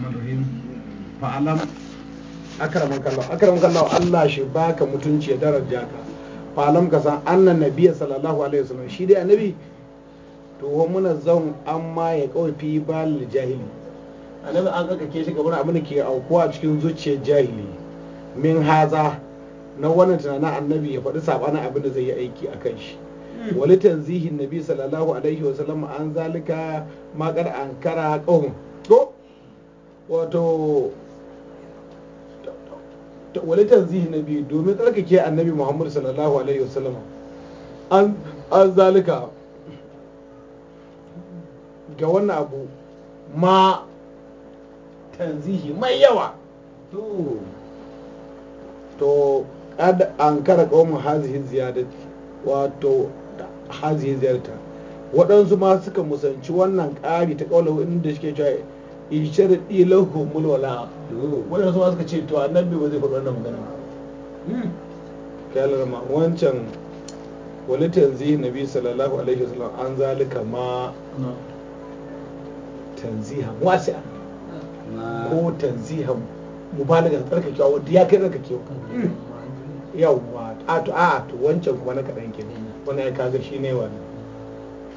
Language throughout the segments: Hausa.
rahman rahim fa'alam akraman kallahu akraman kallahu Allah shi baka mutunci ya daraja ka fa'alam ka san annan nabiyya sallallahu alaihi wasallam shi dai annabi to wa muna zan amma ya kawai fi bal jahili annabi an tsakake shi gaban abin da ke aukuwa a cikin zuciyar jahili min haza na wannan tunanin annabi ya faɗi sabanin abin da zai yi aiki a kan shi wani tanzihin nabi sallallahu alaihi an makar ankara kawun wato wale tanzihi na biyu domin tsarkake annabi muhammad sallallahu alaihi wasallam an zalika ga wannan abu ma tanzihi mai yawa to kada an kara kawon hazihi ziyadati wato hazihi ziyarta waɗansu ma suka musanci wannan ƙari ta ƙaunar inda shi ke cewa ijtaradi lahu mulwala wannan su suka ce to annabi ba zai faɗo wannan magana kalar hmm. ma wancan wani na nabi sallallahu alaihi wasallam an zalika ma tanzihan wasi'a ko tanzihan mubalaga tsarkakewa wanda ya kai tsarkakewa hmm. yawwa a to a to wancan kuma na kaɗan kenan wani ya kaga shi ne wani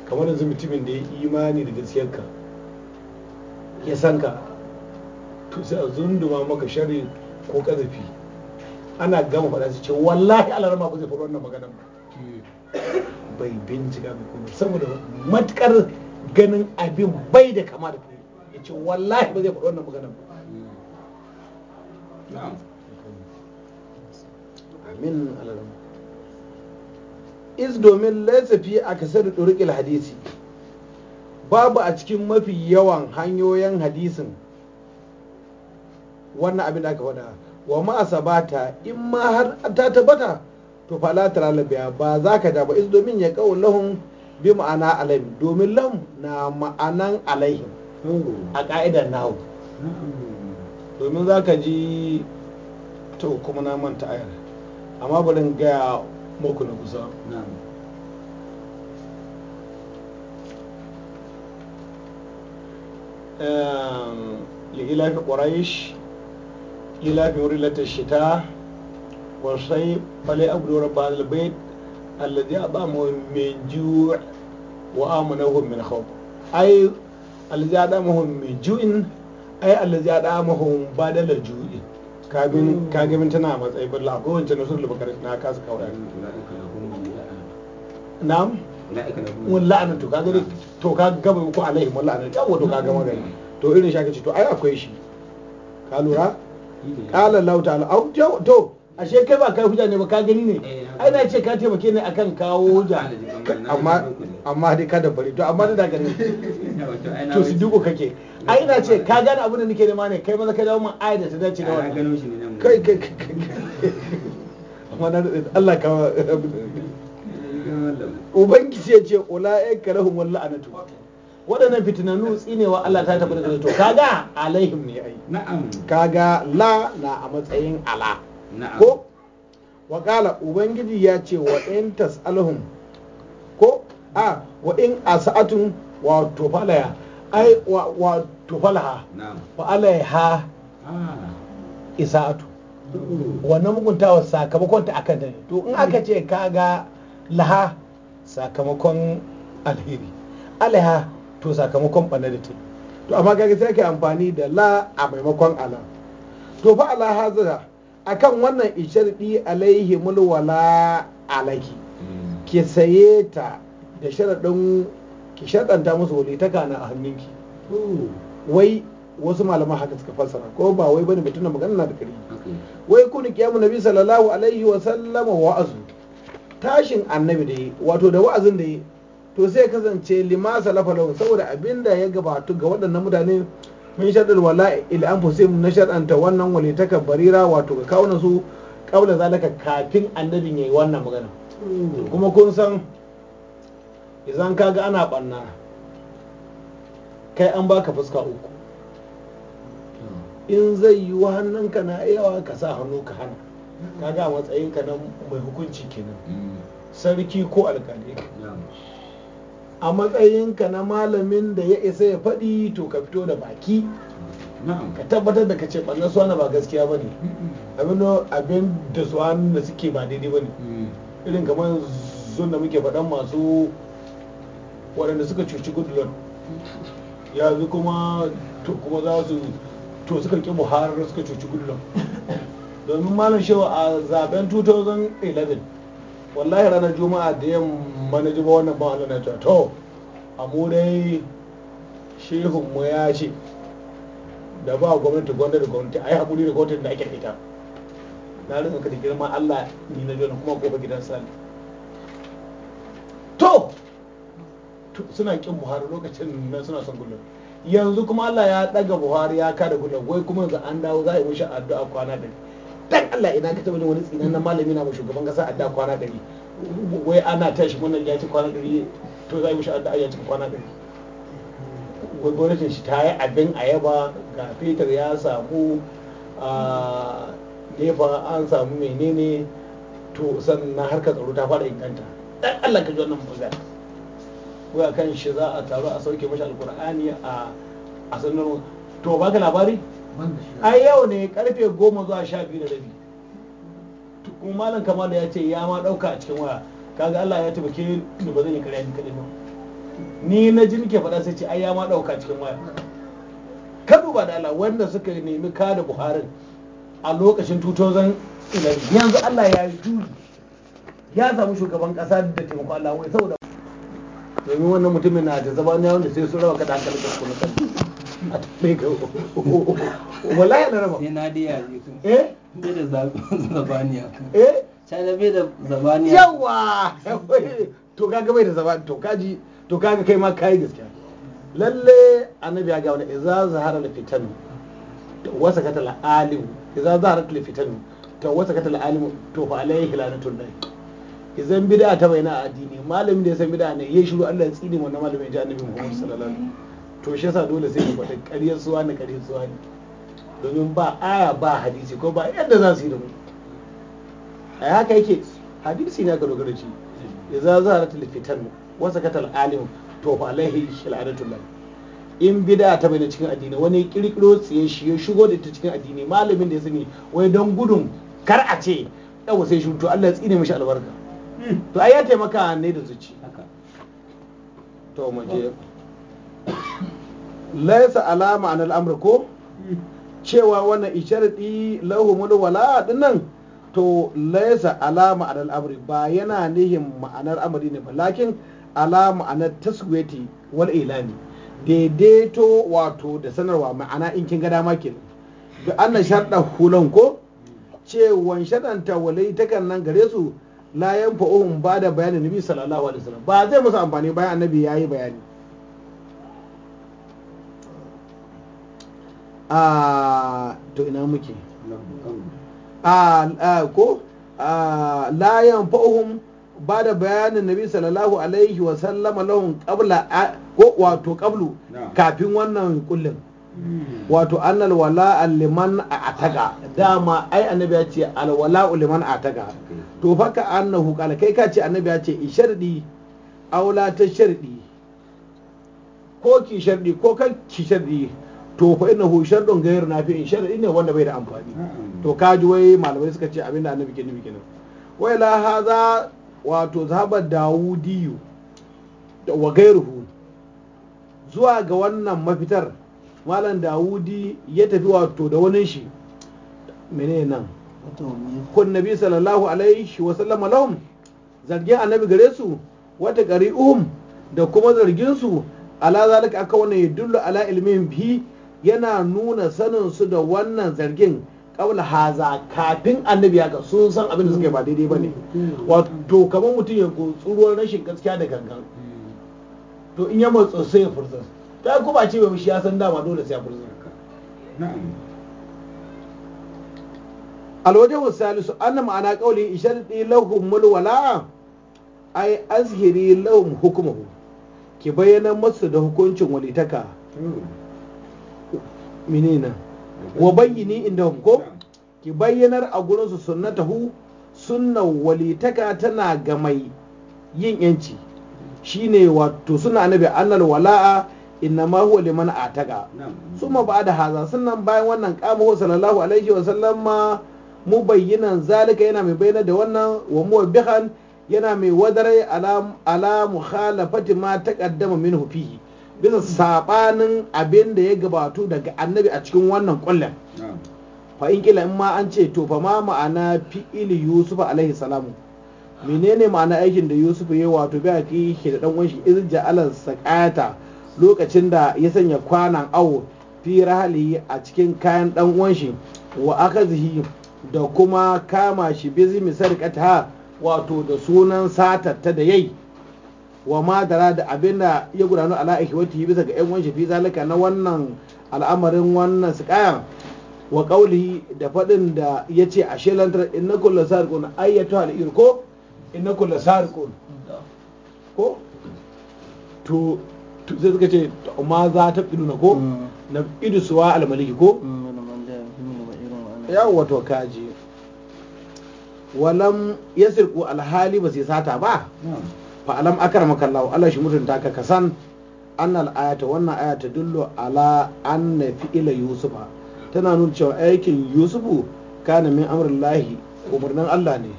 kamar yanzu mutumin da ya imani da gaskiyarka ya san ka to sai a zunduma maka shari ko kazafi ana gama faɗa su ce wallahi ma ba zai faɗi wannan magana ba bai bincika ba kuma saboda matukar ganin abin bai da kama da kai ya ce wallahi ba zai faɗi wannan magana ba amin alarma is domin laisafi a kasar ɗorikil hadisi babu a cikin mafi yawan hanyoyin hadisin wannan abin da aka faɗa wa ma ta in ma har ta tabbata to fa la biya ba za ka ja ba domin ya kawo lahun bi ma'ana alaihim domin lam na ma'anan alaihim a ka'idar nahu domin za ka ji to kuma na manta ayar amma bari gaya muku na kusa lihilafi ƙwarayish lihilafi wuri latar shita wasai falai abdura ba albai alladi a ba mu min ju'a wa amana hu min khawf ai alladi a da mu hu min ju'in ai alladi a da mu hu ba la ju'i tana matsayi balla ko wancan nasu da na kasa kawai na'am mun la'anatu ka gani to ka gama ko alaihi mun la'anatu yawa to ka gama gari. to irin shaka ce to ai akwai shi ka lura qala lahu ta'ala au to ashe kai ba kai hujja ne ba ka gani ne eh, ai na ce ka taimake ne akan kawo hujja amma amma dai ka da bari to amma da gari. to su duko kake ai na ce ka gane abin da nake nema ne kai maza ka dawo min ayat da ta dace da ah, wannan kai kai kai amma na Allah ka ubangiji ya ce ula'ika wallo a natu waɗannan fitinanu tsinewa Allah ta tabbata da to kaga alaihim ne ai na'am kaga la na a matsayin ala ko wa qala ubangiji ya ce wa in tasalhum ko a wa in asatun wa tufalaya ai wa wa tufalaha wa alaiha ah. isa'atu wannan muguntawa sakamakon ta akan ta to in aka ce kaga laha sakamakon alheri alaha to sakamakon bana da ta to amma kaga sai ake amfani da la a maimakon ala to fa ala hazira akan wannan isharɗi alaihi mulwala alaki mm. ki saye ta da sharaɗin ki shaɗanta musu ta kana a hannunki oh. wai wasu malaman haka suka fassara ko ba wai bane mutum na magana na da kare wai kuni kiyamu nabi sallallahu alaihi wa sallama wa'azu tashin annabi da yi wato da wa'azin da yi to sai kasance limasa lafalawun saboda abin da ya gabatu ga waɗannan mutane min shaɗar wala ila'an fusim na shaɗanta wannan walitaka barira wato ga kawunan su ƙaunar zalaka kafin annabin ya yi wannan magana hmm. kuma kun san idan ga ana ɓanna kai an baka fuska uku hmm. in zai yi hannunka na yawa ka sa hannu ka hana kaga a matsayin ka na mai hukunci kenan mm. sarki ko alkali a matsayin ka na malamin da ya isa ya faɗi to ka fito da baki ka tabbatar da ka ce ɓannan na ba gaskiya ba ne abin da su da suke ba daidai ba ne mm. irin kamar zun da muke faɗan masu waɗanda suka cuci goodluck yanzu kuma to kuma za su to suka ƙi buhari suka cuci gudular. domin malam shehu a zaben 2011 wallahi ranar juma'a da yamma manaji ba wannan ba wannan ta, to amu dai shehun mu ya ce da ba gwamnati gwamnati da gwamnati ai hakuri da gwamnati da ake ita na rin ka da girma Allah ni na jona kuma gobe gidan Sani. to suna kin Buhari lokacin nan suna son gullun yanzu kuma Allah ya daga Buhari ya kada gullun wai kuma yanzu an dawo za a yi mishi addu'a kwana ni. dan Allah ina ka taɓa wani tsinan na malami na mai shugaban kasa adda kwana ɗari wai ana tashi wannan ya ci kwana ɗari to za a yi mishi adda ya ci kwana ɗari wai gwamnatin shi ta yi abin a yaba ga fetur ya samu a nefa an samu menene to sannan harkar tsaro ta fara inganta dan Allah ka ji wannan magana wai akan shi za a taru a sauke mashi alkur'ani a sanarwa to baka labari ai yau ne karfe goma zuwa sha biyu da rabi Tukun malam kamal ya ce ya ma dauka a cikin waya kaga Allah ya tabbake ni ba zan yi karya ni kadai ba ni na ji nake faɗa sai ce ai ya ma dauka cikin waya ka duba da Allah wanda suka nemi da Buhari a lokacin 2011 yanzu Allah ya yi juri ya samu shugaban kasa da taimako Allah wai saboda domin wannan mutumin na da ne wanda sai su raba kada hankali da kuma wallahi na raba ina da yaji eh da zabaniya eh china bai da zabaniya eh? yawa to kaga bai da zabaniya to kaji to kaga kai ma kai gaskiya lalle annabi ya ga wani idza zahara al fitan wasa kata al alim idza zahara al fitan to wasa kata al alim to fa alaihi lanatun dai idan bid'a ta bayyana a addini malamin da ya san bid'a ne ya shiru Allah ya tsine wannan malamin ya ji annabi Muhammad sallallahu alaihi wasallam to shi yasa dole sai ku faɗi ƙaryar suwa ne ƙaryar suwa ne domin ba aya ba hadisi ko ba yadda za su yi da mu a haka yake hadisi ne aka dogara ci ya za al fitan wa wasa al alim to fa alaihi shil'adatul lahi in bid'a ta bayyana cikin addini wani kirkiro tsiye shi ya shigo da ita cikin addini malamin da ya sani wai don gudun kar a ce yawa sai shuto to Allah ya tsine mishi albarka to ai ya taimaka ne da zuci to mu je laisa alama an al'amur ko cewa wannan isharadi mulu wala nan to laisa alama an al'amur ba yana nihin ma'anar amri ne ba lakin alama an taswiyati wal ilani daidaito wato da sanarwa ma'ana in kin ga dama kenan da annan sharda hulan ko cewan ta walai takan nan gare su la yanfa'uhum ba da bayanin nabi sallallahu alaihi wasallam ba zai musu amfani bayan annabi yayi bayani a ah, to ina muke a ah, ah, ko a layan fa'uhum ba da bayanin nabi sallallahu alaihi wa sallama lahum qabla ko wato qablu kafin wannan kullum hmm. wato annal wala liman ataga dama ai annabi ya ce al wala liman ataga to faka annahu qal kai ka ce annabi ya ce isharidi aula ta shardi ko ki sharidi ko kan ki sharidi to fa innahu sharɗun gairu in shar'i ne wanda bai da amfani to kaji wai malamai suka ce abinda annabi ke nufi kenan wai la haza wato zaba dawudiyu wa gairuhu zuwa ga wannan mafitar malam dawudi ya tafi wato da wani shi mene nan kun nabi sallallahu alaihi wa sallam lahum zargin annabi gare su wata qari'uhum da kuma zargin su ala zalika aka wannan yadullu ala ilmin bi yana nuna sanin su da wannan zargin kawla haza kafin annabi ya sun san abin da suka yi ba daidai ba ne wato kamar mutum ya tsuruwar rashin gaskiya da gangan to in ya matsa sai ya furza ta kuma ce mai shi ya san dama dole sai ya furza alwajen Salisu anna ma'ana kauli isharti lahum mulwala ai azhiri lahum hukmuhu ki bayyana masu da hukuncin walitaka hmm. minina wa bayyini inda ko ki bayyanar a gurin su sunnatahu sunnan walitaka tana ga mai yin yanci shine wato suna annabi annal wala'a inna ma huwa liman ataka suma ba da haza sannan bayan wannan kama sallallahu alaihi wa sallama mu bayyinan zalika yana mai bayyana da wannan wa mu bihan yana mai wadarai ala ala mukhalafati ma taqaddama minhu fihi bisa sabanin abin da ya gabatu daga annabi a cikin wannan kullum fa in kila in ma an ce to fa ma ma'ana fi'ili yusuf alaihi salamu menene ma'ana aikin da yusuf ya wato bi aki ke da dan wanshi iz ja'alan saqata lokacin da ya sanya kwanan awo fi rahali a cikin kayan dan wanshi wa akazihi da kuma kama shi bizmi wato da sunan satar da yayi wa ma dara da abinda ya gudanu ala yi bisa ga yan wanshi fi zalika na wannan al'amarin wannan sikaya wa qawlihi da fadin da yace a shelantar innakum lasarqun ayyatu al-irko innakum lasarqun ko to zai suka ce ma za ta fi nuna ko mm. na idu suwa almaliki ko yawon wato kaji walam ya sirku alhali ba sai sata ba mm. fa alam akramaka Allah Allah shi mutunta ka kasan annal ayata wannan ayata dullo ala anna fi'ila yusufa tana nuna cewa aikin yusufu kana min lahi, umarnin Allah ne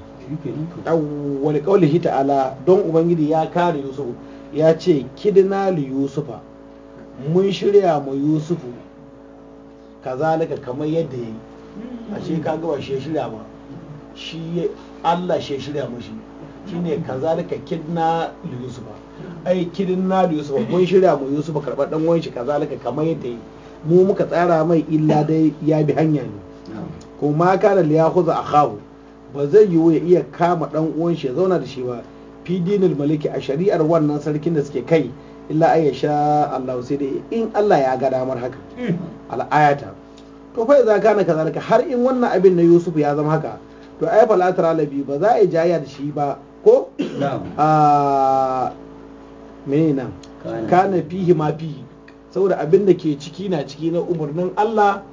wani hita ala don ubangiji ya kare yusufu ya ce kidina li yusufa mun shirya ma yusufu ka zalika kamar yadda ya yi a ce ka gaba shi shirya ba shi Allah shi shirya shi. shine kazalika kidna li yusufa ai kidna li yusufa mun shirya mu yusufa karɓar ɗan uwan shi kazalika kamar yadda mu muka tsara mai illa dai ya bi hanya ne kuma kana li yakhudha akhahu ba zai yiwu ya iya kama ɗan uwan shi ya zauna da shi ba fi dinil maliki a shari'ar wannan sarkin da suke kai illa ayya sha Allah sai dai in Allah ya ga damar haka al'ayata to fa idza kana kazalika har in wannan abin na Yusuf ya zama haka to ai fala tara ba za a yi jaya da shi ba ko a mene nan kana fihi ma fihi saboda abin da ke ciki na ciki na umarnin Allah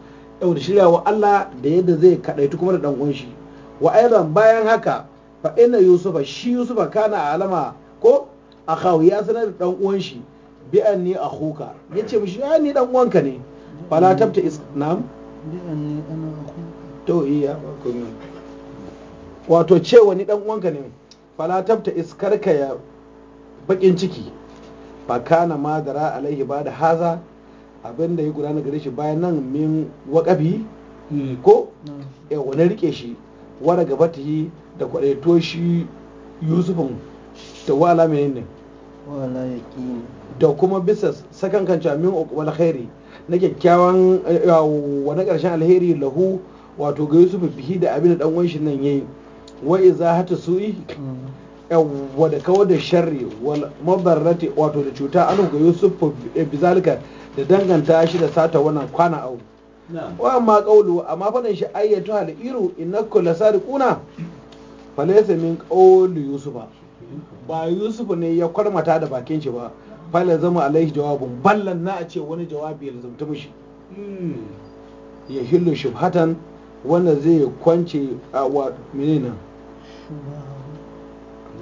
yau da wa Allah da yadda zai kaɗaitu kuma da ɗangon shi wa aidan bayan haka fa ina yusufa shi yusufa kana alama ko a kawo ya sanar da dan uwan shi bi anni ya yace mishi ya ni dan uwanka ne fala tabta isnam bi anni ana to iya wato cewa ni dan uwanka ne fala tabta iskarka ya bakin ciki fa kana ma dara alaihi ba da haza abinda ya gudana gare shi bayan nan min wakabi hmm. ko hmm. ya wani rike shi wara gaba ta yi da kwadaito shi yusufin da wala menene da kuma bisa sakan kanca min uqbal khairi na kyakkyawan wani ƙarshen alheri lahu wato ga Yusufu bihi da abin da dan nan yayi Wai za hata su'i yawwa da kawo da sharri mabarrati wato da cuta an ga yusuf eh, bizalika da danganta shi da sata wannan kwana au wa amma qawlu amma fadan shi ayyatu hal iru innakum lasariquna falaysa min qawli yusufa ba yusuf ne ya kwarmata da bakin shi ba fala zama alaihi jawabun ballan na a ce wani jawabi ya zamta mishi hmm. ya hillu shubhatan wanda zai kwance a wa menene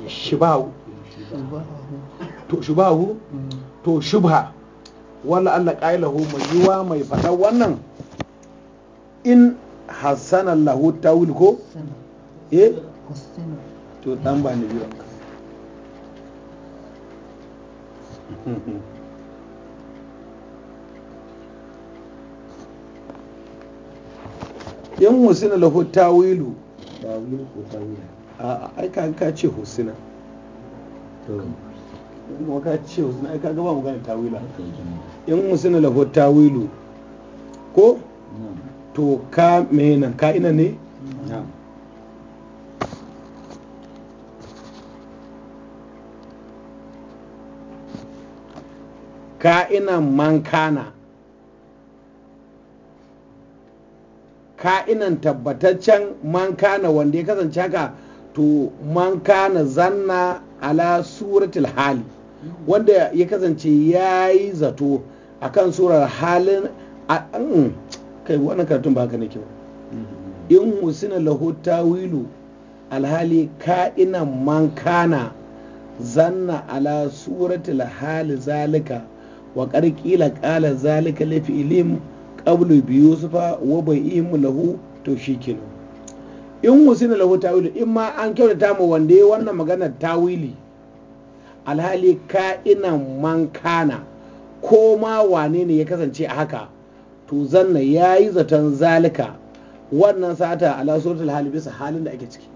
shubahu to shibahu mm. to shubha wala Allah ƙa'ilahu mai yiwa mai faɗa wannan in hassana lahu tawil ko eh to dan ba ni biyo in musina lahu tawilu tawil ko tawila a aika ka ce husina kuma ka ce husina aika gaba mu gane tawila in husina lahu tawilu ko to ka menan ka ina ne kana? Ka ka'inan tabbataccen man kana wanda ya kasance haka to man kana zanna ala suratul hali wanda ya kasance ya yi zato akan surar halin mm, kai wannan kartun ba haka ne kyau in husina lahu tawilu alhali ka'inan man kana zanna ala suratul hali zalika wa karkila kala zalika lafi ilim qablu bi yusufa wa bai'imu lahu to shikenan in na lahu tawili in ma an kyautata ma wanda ya wannan magana tawili alhali ina man kana ko ma wane ne ya kasance a haka to zanna ya yi zaton zalika wannan sata ala suratul alhali bisa halin da ake ciki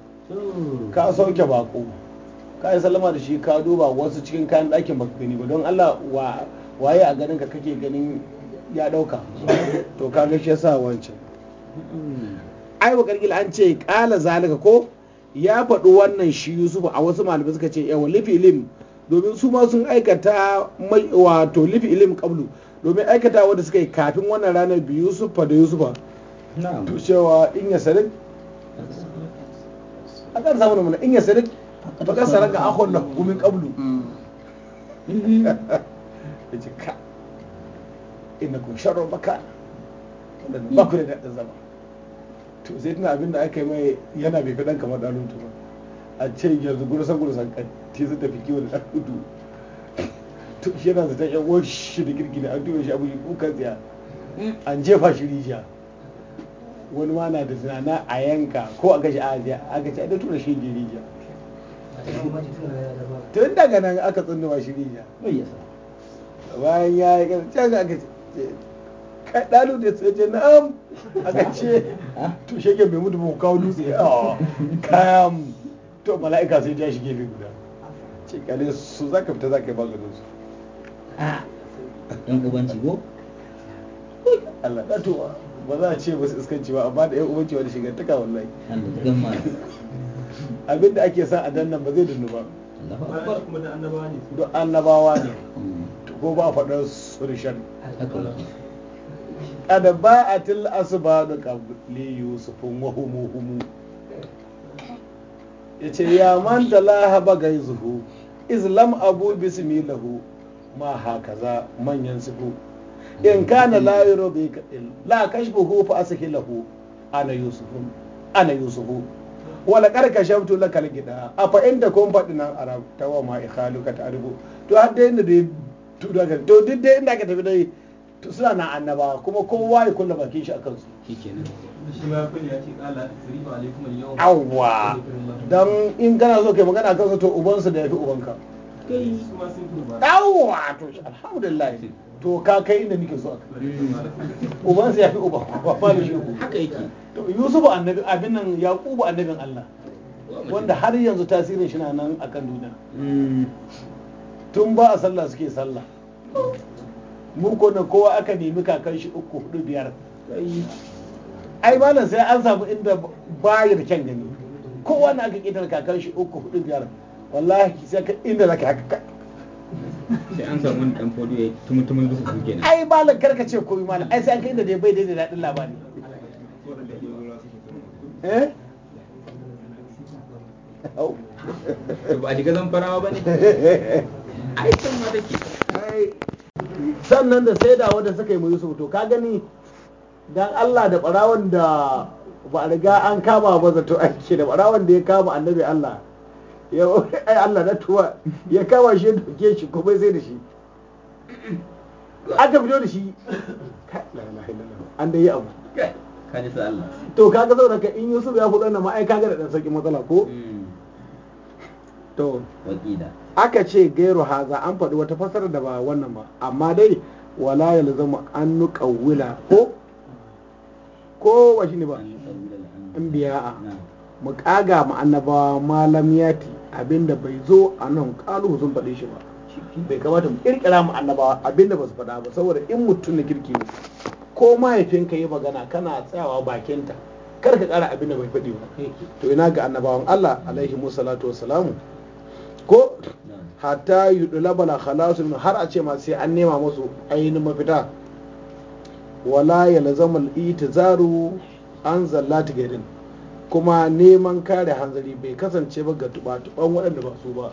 ka sauke bako ka yi sallama da shi ka duba wasu cikin kayan ɗakin baka gani ba don Allah waye a ganin ka kake ganin ya ɗauka to ka gashi ya yasa wancan ai wa gargil an ce kala zalika ko ya faɗi wannan shi yusufu a wasu malamai suka ce yawa lifi ilim domin su ma sun aikata mai wato lifi ilim kablu domin aikata wanda suka yi kafin wannan ranar bi yusufa da yusufa to cewa in ya sarik a kan samun mana in ya sarik ba ka saraka akhon la gumin kablu ina kun sharro baka ba ku da daɗin zama to sai tuna abin da aka yi mai yana bai fi ɗan kamar ɗalutu ba a ce yanzu gurusan gurusan kanti su tafi kiwon ɗalutu to shi yana zata yan uwan shi da girgina an duba shi abu shi kuka tsaya an jefa shi rijiya wani ma na da tunana a yanka ko a gashi ajiya a gashi da tura shi rijiya tun daga nan aka tsunduwa shi rijiya bayan ya yi can aka ce kaɗalu da tsaye na am aka ce to shege bai mutu ba ku kawo dutse a kaya to mala'ika sai ja shi gefe guda ce kyale su za ka fita za ka yi maganin su a ɗan ubanci ko Allah da to ba za a ce ba su iskanci ba amma da ɗan ubanci wani shigar taka wallahi abinda ake sa a dannan ba zai dunu ba annabawa ne don annabawa ne mm. ko ba a faɗar surishan qad ba'atil asbadu qabli yusufun wa humu humu yace ya man talaha bagaizuhu islam abu lahu ma hakaza manyan sifu in kana la yurdi kadil la kashfuhu fa ashilahu ana yusufun ana yusufu wala karka shamtu laka gida a fa inda kun faɗi nan arab tawa ma ikhaluka ta arbu to har dai inda dai to duk dai inda ka tafi dai to suna na annaba kuma kowa ya kulla bakin shi a kansu awwa don in kana so kai magana kansu to ubansu da ya fi ubanka awwa to alhamdulillah to ka kai inda nake so ubansu ya fi uba ba ba da shi haka yake to yusufu annabi abin nan yaqubu annabin Allah wanda har yanzu tasirin shi na nan akan duniya hmm. tun ba a sallah suke sallah mu ko kowa aka nemi kakan shi uku hudu biyar ai malam sai an samu inda bayar kyan gani kowa na aka kitar kakan shi uku hudu biyar wallahi sai ka inda zaka haka ka. sai an samu wani dan fodi ya tumutumin duka ku kenan ai malam karka ce ko malam ai sai an kai inda dai bai daidai daɗin labari eh ba a shiga zan farawa ba ne ai can ma take sannan da sai dawo da suka yi mu yusuf to ka gani dan Allah da barawan da ba riga an kama ba zato an ce da barawan da ya kama annabi Allah ya ai Allah na tuwa ya kama shi ya doke shi bai sai da shi aka fito da shi an da yi abu to kaga saboda ka in Yusuf ya fudo na ma ai kaga da dan saki matsala ko hmm. to wakila aka ce gairu haza an faɗi wata fasar da ba wannan ba amma dai wala zama an wula. ko ko wa ne ba anbiya'a mu kaga mu annabawa malam yati abinda bai zo a nan kaluhu sun faɗi shi ba bai kamata mu kirkira mu annabawa abinda ba su faɗa ba saboda in mutum na kirki ne ko mahaifinka yi magana kana tsayawa bakinta kar ka kara abinda bai faɗi ba to ina ga annabawan Allah alaihi musallatu wassalamu ko hatta bala khalasun har a ce ma sai an nema musu ainihin mafita wala yalzamu al zaru an zallati gairin kuma neman kare hanzari bai kasance ba ga tuba-tuban waɗanda ba su ba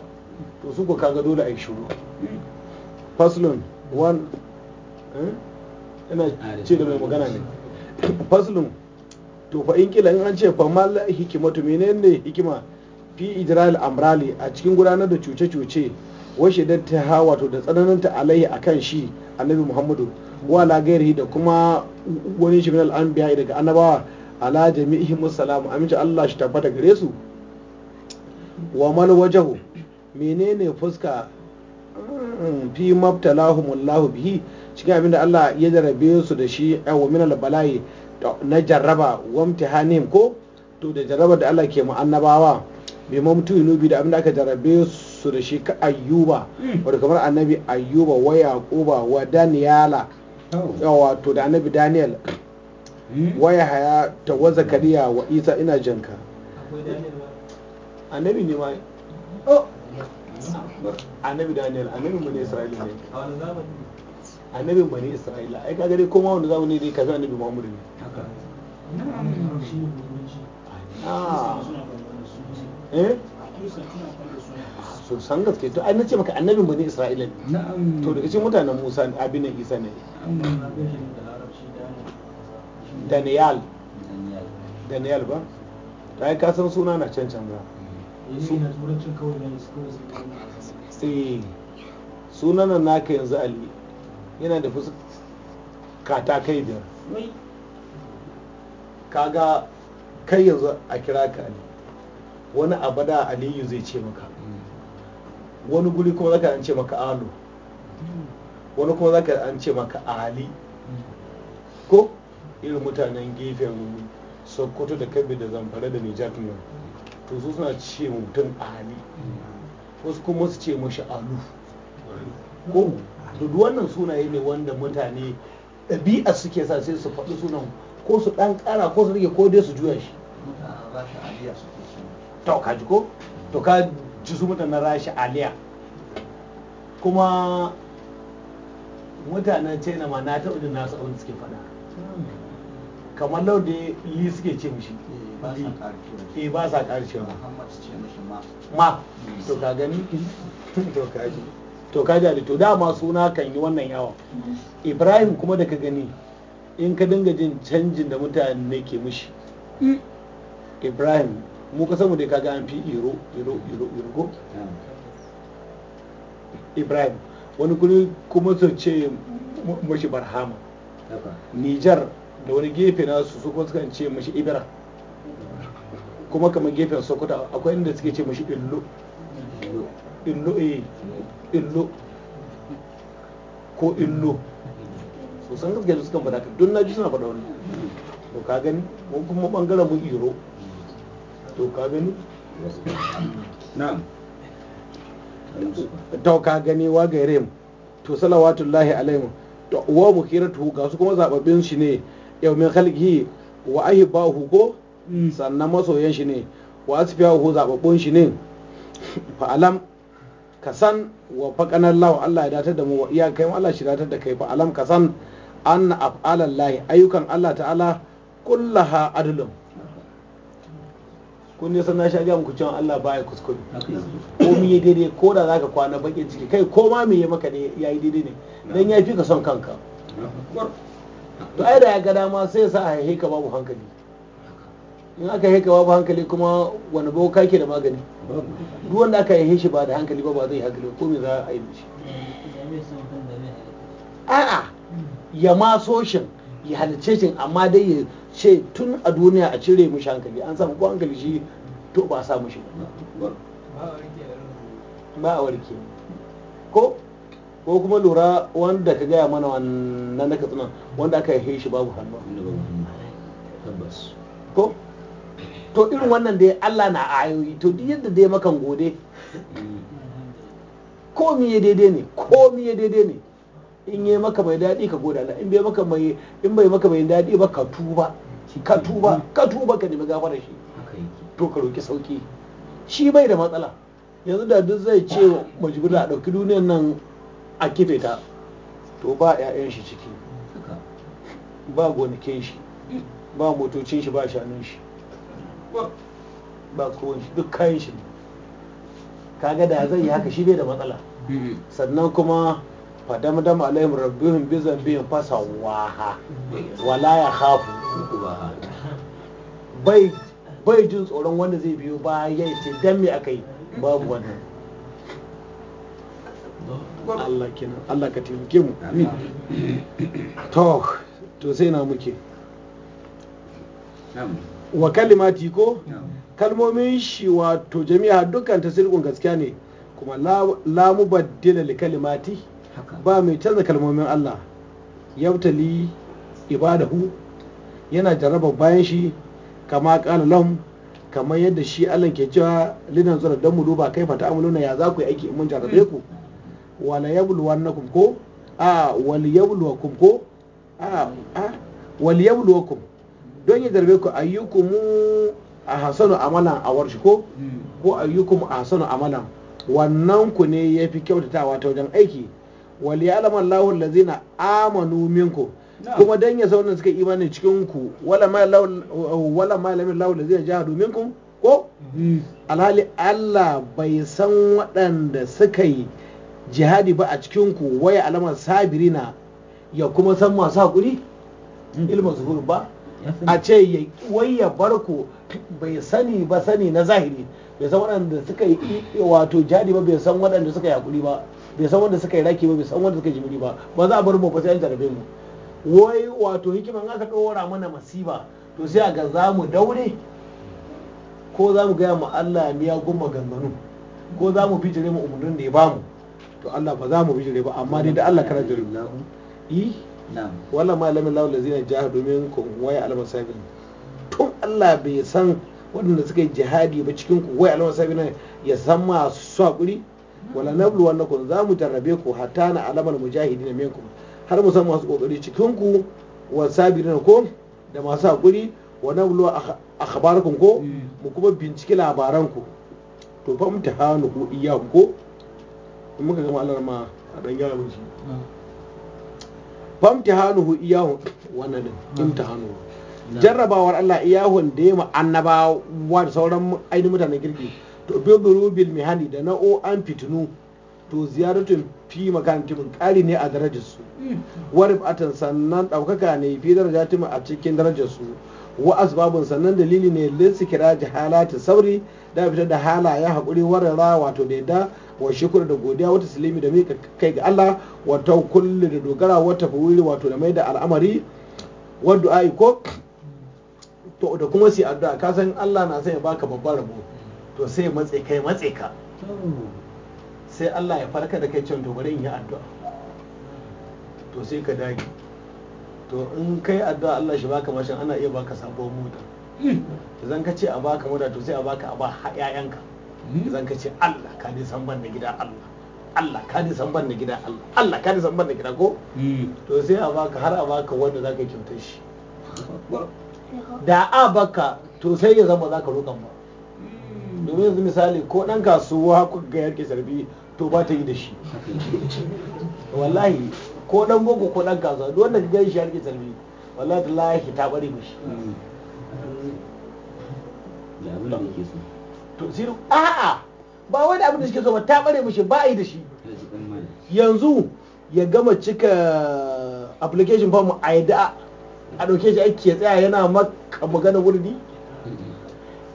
to su ko kaga dole a yi shuru faslun wan eh? ina ce da mai magana ne faslun to fa in kila in an ce fa mal hikimatu menene hikima fi idral amrali a cikin gudanar da cuce-cuce ta shiddataha wato da tsananinta alaihi kan shi annabi muhammadu wa ala gairi da kuma wani shi min al'anbiya daga annabawa ala jami'ihim musallamu aminci Allah shi tabbata gare su wa mal wajahu menene fuska fi mabtalahumullahu bihi cikin abinda Allah ya jarrabe su da shi eh, wa min bala'i na jarraba wa imtihanim ko to da jarraba da Allah ke mu annabawa maimakon nubi da abin da aka jarabe su da shi ka ayyuba hmm. wadda kamar annabi ayyuba wa yaquba wa daniyala oh. wato da annabi daniel hmm. wa haya ta wa zakariya wa isa ina janka annabi ne ma oh. annabi daniel annabi mu ne isra'ila ne mu ne isra'ila ai kaga dai koma wanda zamani dai kaza annabi muhammad ne ah. eh sosan gaske to ai nace maka annabin bani isra'ila ne to daga cikin mutanen musa ne abin nan isa ne daniel daniel ba ta yi kasan suna na can can ba eh, suna nan naka yanzu ali yana da kata katakai biyar kaga kai yanzu a kira ka ali wani abada aliyu zai ce maka wani guri kuma zaka an ce maka alu wani kuma zaka an ce maka ali ko irin mutanen gefen sokoto da kabe da zamfara da nijar nan to su suna ce mutum ali wasu kuma su ce mashi alu ko duk wannan sunaye ne wanda mutane ɗabi'a suke sa sai su faɗi sunan ko su ɗan ƙara ko su rike ko dai su juya shi to ka ji ko to ka ji su mutane rashi aliya kuma mutanen china ma na taɓa jin nasu abin da suke faɗa kamar lauda li suke ce mishi eh ba sa ƙari cewa eh, ma to ka gani to ka ji to ka ji to dama suna kan yi wannan yawa. ibrahim kuma da ka gani in ka dinga jin canjin da mutane ke mishi hmm. ibrahim mu kasan mu dai kaga an fi iro iro iro iro ibrahim wani kuri kuma su ce mashi barhama nijar da wani gefe na su kuma suka ce mashi ibra kuma kamar gefen sokoto akwai inda suke ce mashi illo illo eh illo ko illo so san gaskiya su kan faɗa don na ji suna faɗa wani to ka gani ko kuma bangaren mu iro to ka gani na'am to ka gani wa gairim to salawatullahi alaihim to wa mukiratu ga su kuma zababin shi ne yau min khalqi wa ahibahu ko mm. sannan masoyan shi ne wa asfiyahu zababun shi ne fa alam ka san wa faƙanar Allah Allah ya datar da mu wa mu Allah shi datar da kai fa alam ka san an af'alallahi ayyukan Allah ta'ala kullaha adlum kun nisan na sha muku cewa Allah ya kuskure ko mi ya daidai ko da za ka kwana bakin ciki kai ko ma me ya maka ne yi daidai ne dan ya fi ka son kanka to ai da ya ga dama sai sa a haihe ka babu hankali in aka haihe ka babu hankali kuma wani bau kake da magani duk wanda aka haihe shi ba da hankali ba ba zai hankali ko me za a yi mishi eh, a'a ya ma soshin. ya halice shi amma dai ya ce tun a duniya a cire mushi hankali an samu ko hankali shi to ba a mushi ba a warke ko ko kuma lura wanda ka gaya mana wannan na katsina wanda aka yi shi babu hannu ko to irin wannan dai Allah na ayoyi to duk yadda dai makan gode mm. komi ya daidai ne komi ya daidai ne in yi maka mai daɗi ka goda Allah in bai maka mai in bai maka mai daɗi ba ka tuba ka tuba ka tuba ka nemi gafara shi to ka roki sauki shi bai da matsala yanzu da duk zai ce majibula a ɗauki duniyar nan a kife ta to ba 'ya'yan shi ciki ba gonakin shi ba motocin shi ba shanun shi ba kowan shi duk kayan shi kaga da zai yi haka shi bai da matsala hmm. sannan kuma fadamdam alaihim rabbihim bi zambihim fasawaha wala ya khafu bai bai jin tsoron wanda zai biyo ba ya ce dan me akai babu wannan Allah kina Allah ka taimake mu to to sai na muke wa kalimati ko kalmomin shi wato jami'a dukkan tasirkun gaskiya ne kuma la mubaddila li kalimati ba mai canza kalmomin Allah yabtali ibadahu yana jaraba bayan shi kama kala lam kamar yadda shi Allah ke cewa linan zura dan mu duba kai fata amuluna ya za ku yi aiki mun jarrabe ku hmm. wala wannakum ko a wal wakum ko a a wal wakum don ya jarabe ku ayyukum a hasanu amalan a warshi ko hmm. ko ayyukum a hasanu amalan wannan ku ne yafi kyautatawa ta wajen aiki wal ya'lam Allahu allazina amanu minkum kuma dan ya sauna suka imani cikin ku wala ma wala ma lam Allahu allazina jahadu minkum ko mm. alhali Allah bai san waɗanda suka yi jihadi ba a cikin ku waya alamar sabirina ya kuma san masu haƙuri mm. ilmin zuhur ba a ce ya waya barko bai sani ba sani na zahiri bai san waɗanda suka yi wato jihadi ba bai san waɗanda suka yi haƙuri ba bai san wanda suka yi raki ba bai san wanda suka yi jimiri ba ba za a bar bofa ba sai an jarabe mu wai wato hikiman aka ɗora mana masiba to sai a ga za mu daure ko za mu gaya ma Allah ya miya gumma ganganu ko za mu bijire mu umarnin da ya bamu to Allah ba za mu bijire ba amma dai da Allah kana jiri yi wala ma lamin lawal lazina jahadu minkum wa ya alama tun Allah bai san waɗanda suka yi jihadi ba cikin ku wai alama ya san masu hakuri wala nablu wannakum za mu jarrabe ku hatta na alamal mujahidin minkum har mu san masu kokari cikin ku wa sabirin ko da masu hakuri wa nablu akhbarakum ko hmm. mu kuma binciki labaran ku to fa imtihanu ku iya ko in muka gama Allah ma a dan gyara mun shi fa imtihanuhu iyyahum wannan din imtihanu jarrabawar Allah iyahun da ya mu annabawa da sauran ainihin mutanen kirki to bi mihani da an fitinu to ziyaratun fi timin ƙari ne a darajarsu warif atan sannan ɗaukaka ne fi darajatin a cikin darajar su wa asbabun sannan dalili ne lissu kira jahalati sauri da fitar da ya haƙuri warara wato da yadda wa shukur da godiya wata silimi da mika kai ga Allah wata kulli da dogara wata fawiri wato da mai da al'amari wadda ai ko to da kuma si addu'a ka san Allah na san ya baka babban rabo to sai matse kai matse ka sai Allah ya farka da kai can to bari yi addu'a to sai ka dage to in kai addu'a Allah shi baka mashin ana iya baka sabon mota zan ka ce a baka mota to sai a baka a ba ƴaƴanka zan ka ce Allah ka dai san da gida Allah Allah ka dai san da gida Allah Allah ka dai san da gida ko eh. to sai a baka har a baka wanda zaka kyautar shi da a baka to sai ya zama zaka roƙan ba domin yanzu misali ko ɗan kasuwa ko ga yarke sarbi to ba ta yi da shi wallahi ko ɗan boko ko ɗan kasuwa duk wanda ka shi yarke sarbi wallahi ta lahi ta bare mishi shi. to sirru a'a ba wani abin da suke so ba ta bare mishi ba a yi da shi yanzu ya gama cika application form a yadda a ɗauke shi aiki ya tsaya yana maka magana wurdi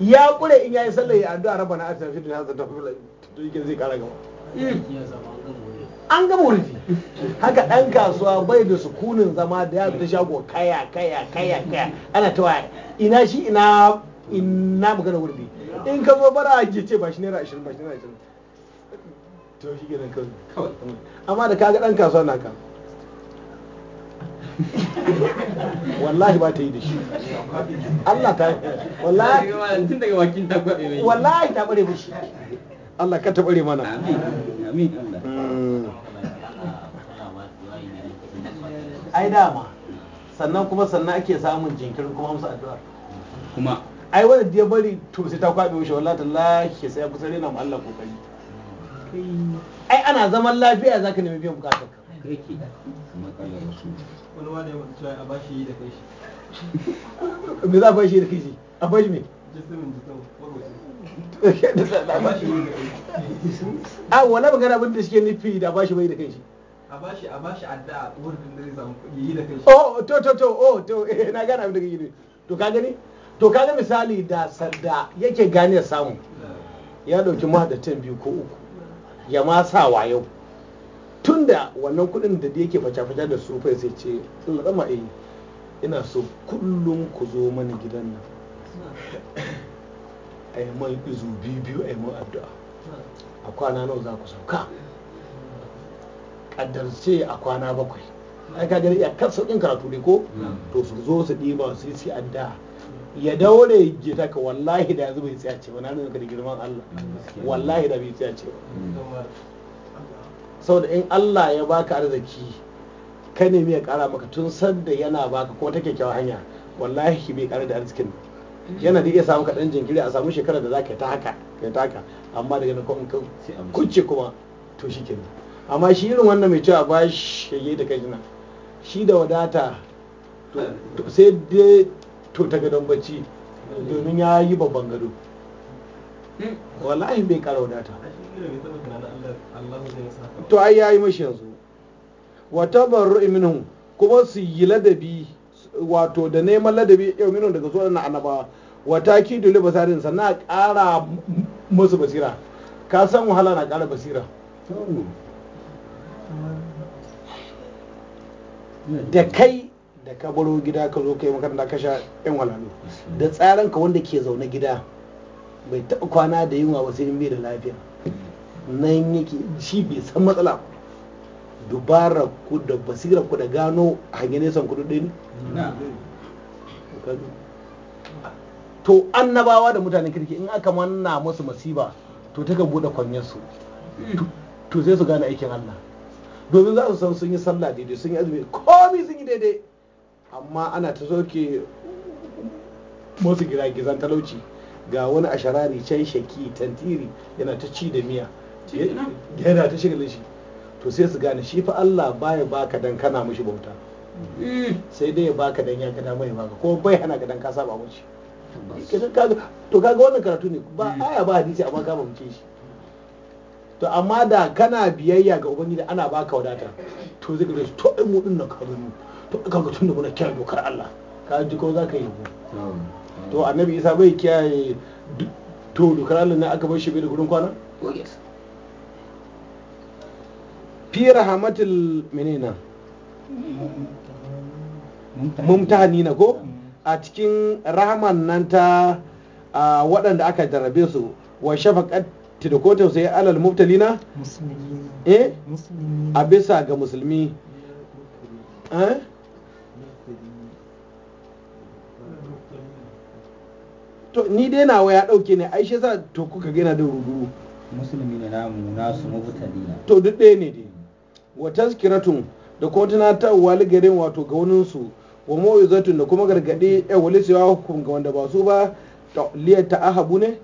ya kure in yayi sallah ya addu'a rabbana atina fid dunya hasanatan wa fil akhirati zai kara gaba an gama wurfi haka ɗan kasuwa bai da sukunin zama da ya ta shago kaya kaya kaya kaya ana ta waya ina shi ina ina magana wurfi in ka zo bara ji ce ba shi naira ashirin ba shi naira ashirin to shi nan kawai amma da kaga ɗan kasuwa na ka wallahi ba ta yi da shi Allah ta wallahi ta wallahi ta bare mishi Allah ka ta bare mana hmm. ai dama sannan kuma sannan ake samun jinkirin kuma musu addu'a kuma ai wanda ya bari to sai ta kwabe mishi wallahi tallahi sai ya kusa rena mu Allah kokari ai ana zaman lafiya zaka nemi biyan bukatarka kai ki matsalar su wani ma da yawan cewa a ba da kai shi me za a ba shi da kai shi a bashi me a ba shi da kai shi a ah, wala da shi nufi da ba shi da kai shi a bashi a bashi shi addu'a wurin da zai samu kuɗi yi da kai shi oh to to to oh to eh, na gana abin da kai ne to ka gani to ka kaga misali da sanda yake gane samu ya dauki mahadatan biyu ko uku ya ma sa yau. tun da wannan kuɗin da da yake faca-faca da su fai sai ce tsallama yi eh, ina so kullum ku zo mana gidan nan a yi man izu biyu biyu a yi man addu'a a kwana nawa za ku sauka ƙaddarce a kwana bakwai ai ka gani kan sauƙin karatu ne ko to su zo su ɗiba su yi addu'a ya dawo da ya gita ka wallahi da yanzu bai tsaya ce ba na nuna ka da girman Allah wallahi da bai tsaya ce ba mm. saboda in Allah ya baka arziki ka nemi ya kara maka tun sanda yana baka ko ta kyakkyawar hanya wallahi bai kara da arzikin yana da iya samu kaɗan jinkiri a samu shekarar da za ka yi ta haka kai ta haka amma daga nan kuma kucce kuma to shi kenan amma shi irin wannan mai cewa ba shi ya da kai nan shi da wadata sai dai to ta gadon bacci domin ya yi babban gado wallahi bai kara wadata to ai yayi mashi yanzu Wata tabarru minhu kuma su yi ladabi wato da neman ladabi yau minhu daga zuwa na annaba wa takidu li basarin sannan a kara musu basira ka san wahala na kara basira da kai da ka baro gida ka zo kai makaranta ka sha yan walalu da tsaranka wanda ke zaune gida bai taɓa kwana da yunwa ba sai in bai da lafiya nan yake shi bai san matsala dubara ku da basira ku da gano hangen nesan kudu ɗin to annabawa da mutanen kirki in aka manna musu masiba to ta kan buɗe kwanyarsu to sai su gane aikin Allah domin za su san sun yi sallah daidai sun yi azumi komi sun yi daidai amma ana ta soke musu gizan talauci ga wani a sharari can shaki tantiri yana ta ci da miya yana ta shigalin shi to sai su gane shi fa Allah baya baka dan kana mishi bauta mm. sai dai ya baka dan ya gada mai baka ko bai hana ka dan ka saba mishi to kaga wannan karatu ne ba mm. aya ba hadisi amma ka bamce shi to amma da kana biyayya ga ubangiji ana baka wadata to zai gaje to ai mu din nan ka gani to kaga tunda muna kyan dokar Allah ka ji ko za ka yi to annabi isa bai kiyaye to dokar allah ne aka bar shi bai da gurin kwana oh, fi rahamatul menena mumtahanina ko a cikin rahman nan ta waɗanda aka jarabe su wa ƙatti da ko tausayi alal mubtalina eh a bisa ga musulmi eh to ni dai nawa ya dauke ne ai shi to kuka gina da ruguru musulmi ne namu nasu mubtadi to duk ɗaya ne dai wa tazkiratun da ko tunatarwa garin wato ga wani su wa mau'izatun da kuma gargadi ya eh, wali su hukum ga wanda ba su ba liyar ta'ahabu ne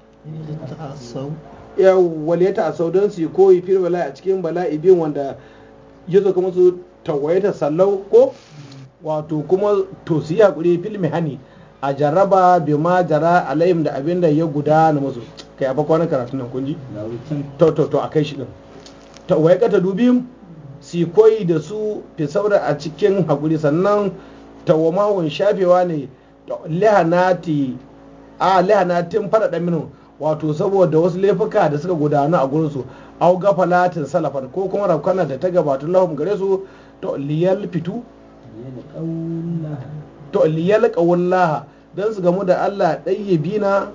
ya wali ta asau don su koyi fir bala'i a cikin bala'i bin wanda ya zo kuma su tawaye ta sallau ko wato kuma to su yi hakuri fil mihani a jaraba bi ma jara alayhim da abin da ya gudana musu kai a bakwai karatun nan kun ji to to to a kai shi din ta wai ta dubi si koyi da su fi saura a cikin hakuri sannan ta tawamahun shafewa ne lihanati a lihanatin faɗaɗa minu wato saboda wasu laifuka da suka gudana a gurinsu au gafalatin salafan ko kuma rakwana da ta gabatu lahum gare su to liyal fitu to liyal qawlaha don su gamu da Allah ɗayyabina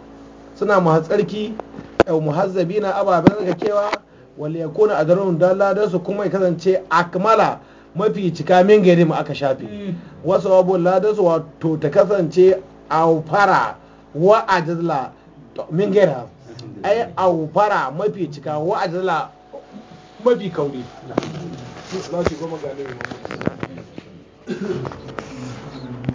suna masu tsarki yau muhazzabina ababen tsarkakewa wal a adarun dalla don su kuma ya kasance akmala mafi cika min gari mu aka shafe mm. wasu abu ladan su wato ta kasance fara wa ajizla min gari ai fara mafi cika wa ajizla mafi kauri